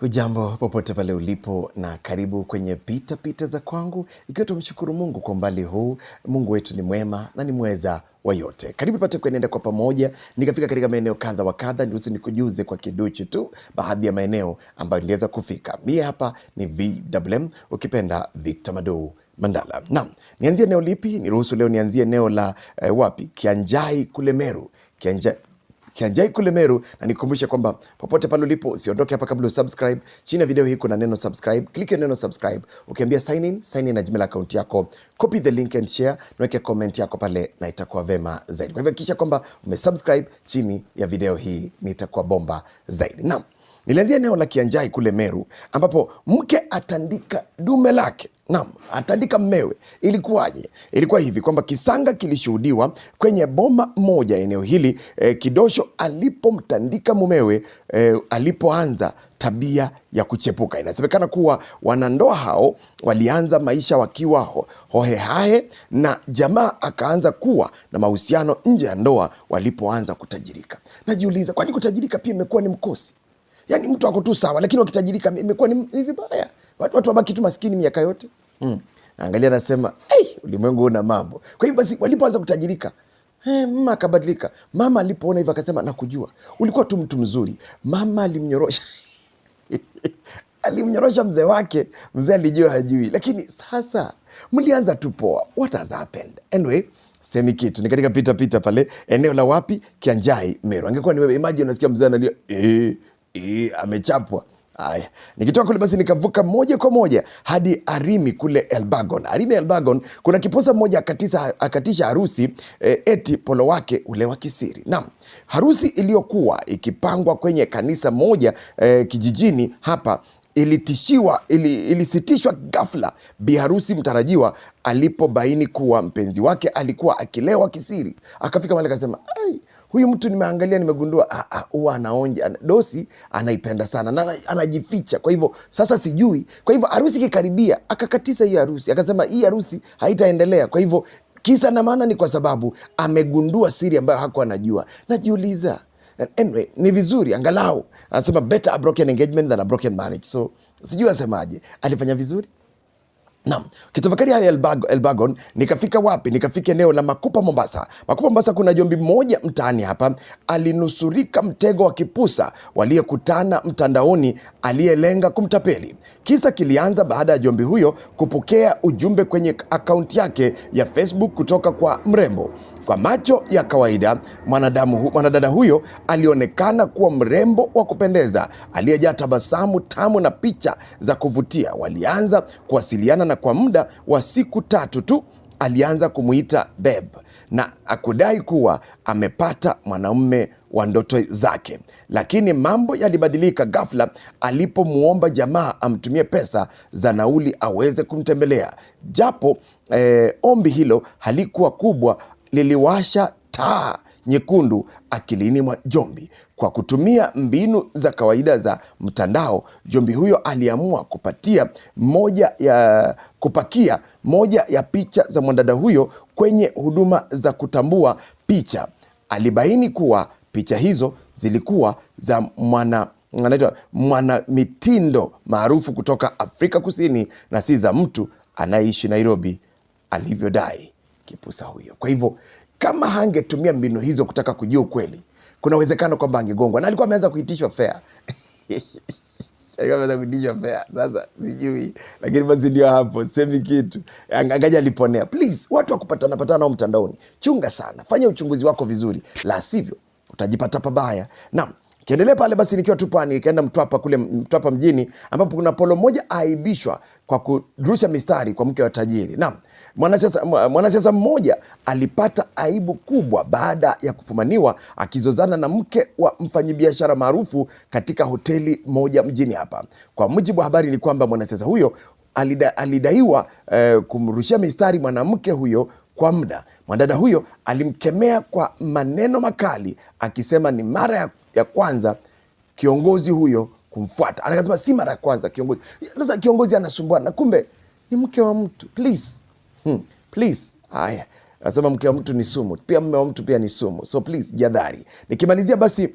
Hujambo popote pale ulipo na karibu kwenye pita pita za kwangu, ikiwa tumshukuru Mungu kwa umbali huu. Mungu wetu ni mwema na ni mweza wa yote. Karibu pate kuenenda kwa pamoja, nikafika katika maeneo kadha wa kadha. Niruhusu nikujuze kwa kiduchu tu baadhi ya maeneo ambayo niliweza kufika. Mie hapa ni VMM, ukipenda Victor Madou Mandala. Naam, nianzie eneo lipi? Niruhusu leo nianzie eneo la eh, wapi? Kianjai kule Meru. Kianja Kianjai kule Meru, na nikukumbushe kwamba popote pale ulipo usiondoke hapa kabla usubscribe. Chini ya video hii kuna neno subscribe, click ya neno subscribe. Ukiambia sign in, sign in na Gmail account yako, copy the link and share, naweke comment yako pale na itakuwa vema zaidi. Kwa hivyo hakikisha kwamba umesubscribe chini ya video hii, nitakuwa bomba zaidi. Naam. Nilianzia eneo la Kianjai kule Meru, ambapo mke atandika dume lake nam atandika mmewe. Ilikuwaje? Ilikuwa hivi kwamba kisanga kilishuhudiwa kwenye boma moja eneo hili e, kidosho alipomtandika mumewe e, alipoanza tabia ya kuchepuka. Inasemekana kuwa wanandoa hao walianza maisha wakiwa ho, hohehahe na jamaa akaanza kuwa na mahusiano nje ya ndoa walipoanza kutajirika. Najiuliza, kwani kutajirika pia imekuwa ni mkosi? yani mtu ako tu sawa, lakini wakitajirika imekuwa ni ni vibaya, watu wabaki tu maskini miaka yote mm. Naangalia nasema hey, ulimwengu una mambo. Kwa hivyo basi walipoanza kutajirika Hey, eh, mama akabadilika. Mama alipoona hivyo akasema, nakujua ulikuwa tu mtu mzuri. Mama alimnyorosha alimnyorosha mzee wake. Mzee alijua hajui, lakini sasa mlianza tu poa. What has happened anyway? Semi kitu ni katika pita pita pale eneo la wapi, Kianjai, Meru. Angekuwa ni wewe, imagine unasikia mzee analia eh amechapwa. Aya, nikitoka kule basi nikavuka moja kwa moja hadi Arimi kule Elbagon. Arimi Elbagon kuna kiposa mmoja akatisha, akatisha harusi e, eti polo wake ule wa kisiri. Naam, harusi iliyokuwa ikipangwa kwenye kanisa moja e, kijijini hapa ilitishiwa ili, ilisitishwa ghafla bi harusi mtarajiwa alipobaini kuwa mpenzi wake alikuwa akilewa kisiri. Akafika mahali akasema, ai huyu mtu nimeangalia, nimegundua ah, ah, huwa anaonja dosi, anaipenda sana na anajificha. Kwa hivyo sasa sijui. Kwa hivyo harusi ikikaribia, akakatisa hii harusi, akasema hii harusi haitaendelea. Kwa hivyo kisa na maana ni kwa sababu amegundua siri ambayo hakuwa anajua. Najiuliza. Anyway, ni vizuri angalau anasema better a broken engagement than a broken marriage. So sijui asemaje, alifanya vizuri. Naam, kitafakari haya Elbagon, nikafika wapi? Nikafika eneo la Makupa, Mombasa. Makupa, Mombasa, kuna jombi mmoja mtaani hapa alinusurika mtego wa kipusa waliyekutana mtandaoni, aliyelenga kumtapeli. Kisa kilianza baada ya jombi huyo kupokea ujumbe kwenye akaunti yake ya Facebook kutoka kwa mrembo. Kwa macho ya kawaida, mwanadamu hu, mwanadada huyo alionekana kuwa mrembo wa kupendeza aliyejaa tabasamu tamu na picha za kuvutia. Walianza kuwasiliana na na kwa muda wa siku tatu tu alianza kumuita beb na akudai kuwa amepata mwanaume wa ndoto zake, lakini mambo yalibadilika ghafla alipomwomba jamaa amtumie pesa za nauli aweze kumtembelea. Japo eh, ombi hilo halikuwa kubwa, liliwasha taa nyekundu akilini mwa Jombi. Kwa kutumia mbinu za kawaida za mtandao, Jombi huyo aliamua kupatia moja ya, kupakia moja ya picha za mwanadada huyo kwenye huduma za kutambua picha. Alibaini kuwa picha hizo zilikuwa za mwana anaitwa mwanamitindo maarufu kutoka Afrika Kusini na si za mtu anayeishi Nairobi, alivyodai kipusa huyo. Kwa hivyo kama hangetumia mbinu hizo kutaka kujua ukweli, kuna uwezekano kwamba angegongwa, na alikuwa ameanza kuitishwa fea aweza kudishwa fea. Sasa sijui, lakini basi ndio hapo, semi kitu angaja aliponea. Please, watu wakupatana patana nao mtandaoni, chunga sana, fanya uchunguzi wako vizuri, la sivyo utajipata pabaya. Naam. Kiendelea pale basi, nikiwa tu pwani, ikaenda Mtwapa kule Mtwapa mjini, ambapo kuna polo mmoja aibishwa kwa kurusha mistari kwa mke wa tajiri. Naam, mwanasiasa mwanasiasa mmoja alipata aibu kubwa baada ya kufumaniwa akizozana na mke wa mfanyibiashara maarufu katika hoteli moja mjini hapa. Kwa mujibu wa habari ni kwamba mwanasiasa huyo alida, alidaiwa eh, kumrushia mistari mwanamke huyo kwa muda. Mwanadada huyo alimkemea kwa maneno makali akisema ni mara ya ya kwanza kiongozi huyo kumfuata. Anakasema si mara ya kwanza kiongozi. Sasa kiongozi anasumbua na kumbe ni mke wa mtu. Please. Hmm. Please. Haya. Anasema mke wa mtu ni sumu. Pia mume wa mtu pia ni sumu. So please jadhari. Nikimalizia basi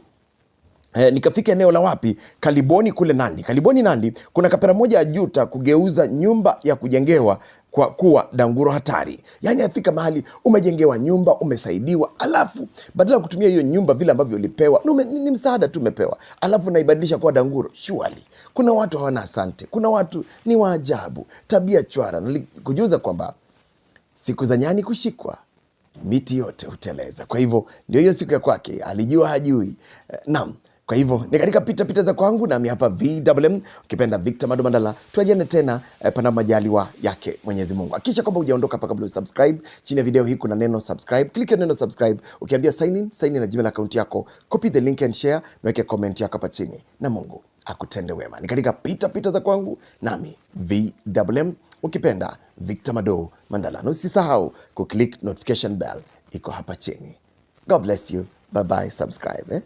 Eh, nikafika eneo la wapi? Kaliboni kule Nandi. Kaliboni Nandi kuna kapera moja ya juta kugeuza nyumba ya kujengewa kwa kuwa danguro hatari. Yaani afika mahali umejengewa nyumba, umesaidiwa, alafu badala ya kutumia hiyo nyumba vile ambavyo ulipewa nume, ni msaada tu umepewa, alafu naibadilisha kuwa danguro. Shuali, kuna watu hawana asante, kuna watu ni waajabu, tabia chwara. Nalikujuza kwamba siku za nyani kushikwa miti yote huteleza. Kwa hivyo ndio hiyo siku ya kwake, alijua hajui. Eh, naam. Kwa hivyo ni katika pita pita za kwangu, nami hapa VMM, ukipenda Victor Mandala. Tuajiane tena eh, pana majaliwa yake Mwenyezi Mungu. Hakikisha kwamba hujaondoka hapa kabla usubscribe. Chini ya video hii kuna neno subscribe, click neno subscribe, ukiambia sign in, sign in na Gmail account yako, copy the link and share, naweke comment yako hapa chini, na Mungu akutende wema. Ni katika pita pita za kwangu, nami VMM, ukipenda Victor Mado Mandala, na usisahau ku click notification bell iko hapa chini. God bless you, bye bye, subscribe eh?